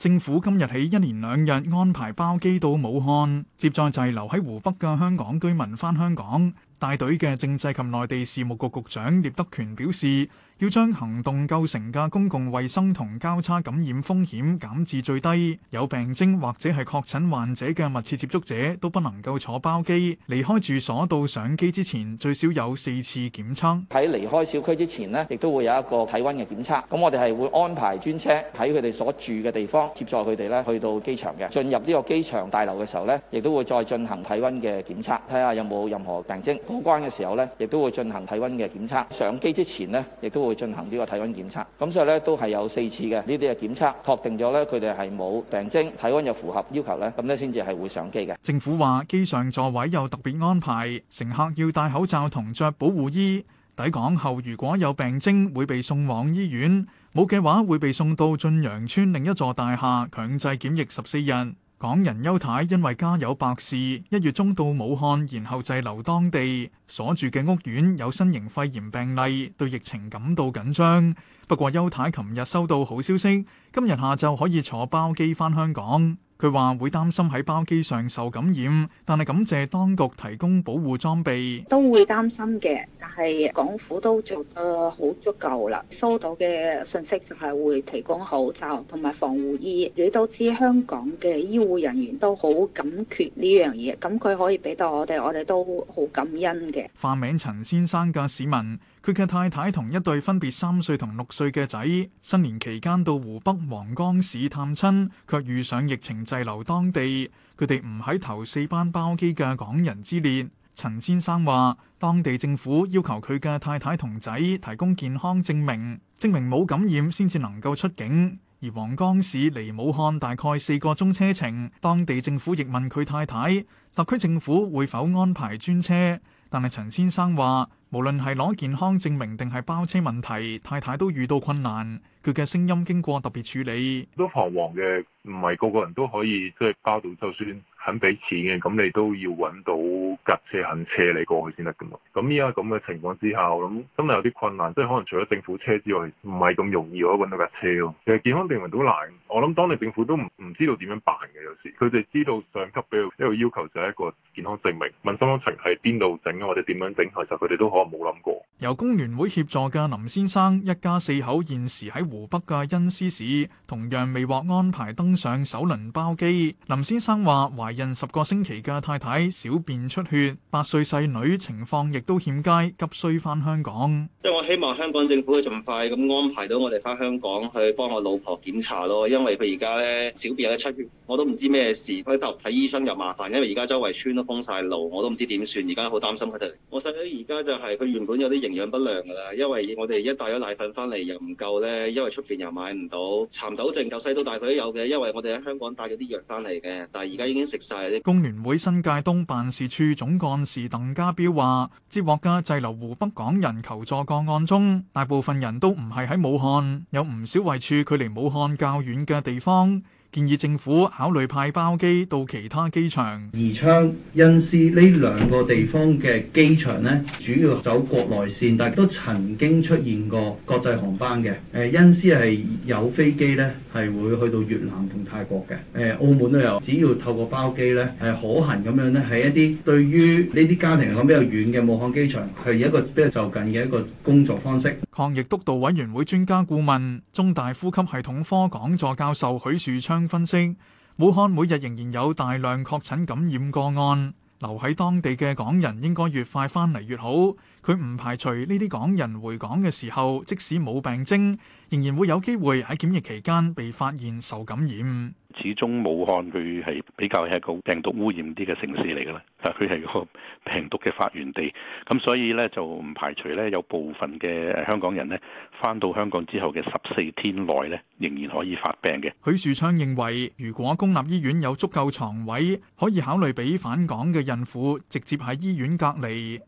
政府今日起一連兩日安排包機到武漢，接載滯留喺湖北嘅香港居民返香港。大隊嘅政制及內地事務局局長聶德權表示，要將行動構成嘅公共衛生同交叉感染風險減至最低。有病徵或者係確診患者嘅密切接觸者都不能夠坐包機。離開住所到上機之前，最少有四次檢測。喺離開小區之前呢，亦都會有一個體溫嘅檢測。咁我哋係會安排專車喺佢哋所住嘅地方接載佢哋呢去到機場嘅。進入呢個機場大樓嘅時候呢，亦都會再進行體溫嘅檢測，睇下有冇任何病徵。過關嘅時候呢，亦都會進行體溫嘅檢測；上機之前呢，亦都會進行呢個體溫檢測。咁所以咧，都係有四次嘅呢啲嘅檢測，確定咗咧佢哋係冇病徵，體溫又符合要求咧，咁咧先至係會上機嘅。政府話，機上座位有特別安排，乘客要戴口罩同着保護衣。抵港後如果有病徵，會被送往醫院；冇嘅話，會被送到駿洋邨另一座大廈強制檢疫十四日。港人邱太因為家有白事，一月中到武漢，然後滯留當地，所住嘅屋苑有新型肺炎病例，對疫情感到緊張。不過邱太琴日收到好消息，今日下晝可以坐包機返香港。佢話會擔心喺包機上受感染，但係感謝當局提供保護裝備。都會擔心嘅，但係港府都做得好足夠啦。收到嘅信息就係會提供口罩同埋防護衣。你都知香港嘅醫護人員都好緊缺呢樣嘢，咁佢可以俾到我哋，我哋都好感恩嘅。化名陳先生嘅市民。佢嘅太太同一對分別三歲同六歲嘅仔，新年期間到湖北黃岡市探親，卻遇上疫情滯留當地。佢哋唔喺頭四班包機嘅港人之列。陳先生話，當地政府要求佢嘅太太同仔提供健康證明，證明冇感染先至能夠出境。而黃岡市離武漢大概四個鐘車程，當地政府亦問佢太太，特區政府會否安排專車。但係陳先生話。無論係攞健康證明定係包車問題，太太都遇到困難。佢嘅聲音經過特別處理，都彷徨嘅，唔係個個人都可以即係包到就算。俾錢嘅，咁你都要揾到架車肯車你過去先得㗎嘛。咁依家咁嘅情況之下，我諗真係有啲困難，即係可能除咗政府車之外，唔係咁容易可以揾到架車咯。其實健康證明都難，我諗當地政府都唔唔知道點樣辦嘅。有時佢哋知道上級俾一個要求就係一個健康證明，問心安情係邊度整或者點樣整，其實佢哋都可能冇諗過。由工聯會協助嘅林先生一家四口現時喺湖北嘅恩施市，同樣未獲安排登上首輪包機。林先生話：懷孕十個星期嘅太太小便出血，八歲細女情況亦都欠佳，急需返香港。 我希望香港政府盡快咁安排到我哋翻香港去幫我老婆檢查咯，因為佢而家咧小便有啲出血，我都唔知咩事。佢頭睇醫生又麻煩，因為而家周圍村都封晒路，我都唔知點算。而家好擔心佢哋。我細佬而家就係佢原本有啲營養不良㗎啦，因為我哋一帶咗奶粉翻嚟又唔夠咧，因為出邊又買唔到。蠶豆症由細到大佢都有嘅，因為我哋喺香港帶咗啲藥翻嚟嘅，但係而家已經食曬。工聯會新界東辦事處總幹事鄧家彪話：接獲家滯留湖北港人求助個。當中大部分人都唔係喺武漢，有唔少位處距離武漢較遠嘅地方。建議政府考慮派包機到其他機場，宜昌、恩施呢兩個地方嘅機場呢，主要走國內線，但係都曾經出現過國際航班嘅。誒，恩施係有飛機呢，係會去到越南同泰國嘅。誒，澳門都有，只要透過包機呢，係可行咁樣。呢係一啲對於呢啲家庭嚟講比較遠嘅武漢機場，係一個比較就近嘅一個工作方式。抗疫督導委員會專家顧問、中大呼吸系統科講座教授許樹昌。分析武漢每日仍然有大量確診感染個案，留喺當地嘅港人應該越快翻嚟越好。佢唔排除呢啲港人回港嘅時候，即使冇病徵，仍然會有機會喺檢疫期間被發現受感染。始終武漢佢係比較係一個病毒污染啲嘅城市嚟㗎啦，但佢係個病毒嘅發源地，咁所以呢，就唔排除呢，有部分嘅香港人呢翻，到香港之後嘅十四天內呢，仍然可以發病嘅。許樹昌認為，如果公立醫院有足夠床位，可以考慮俾返港嘅孕婦直接喺醫院隔離。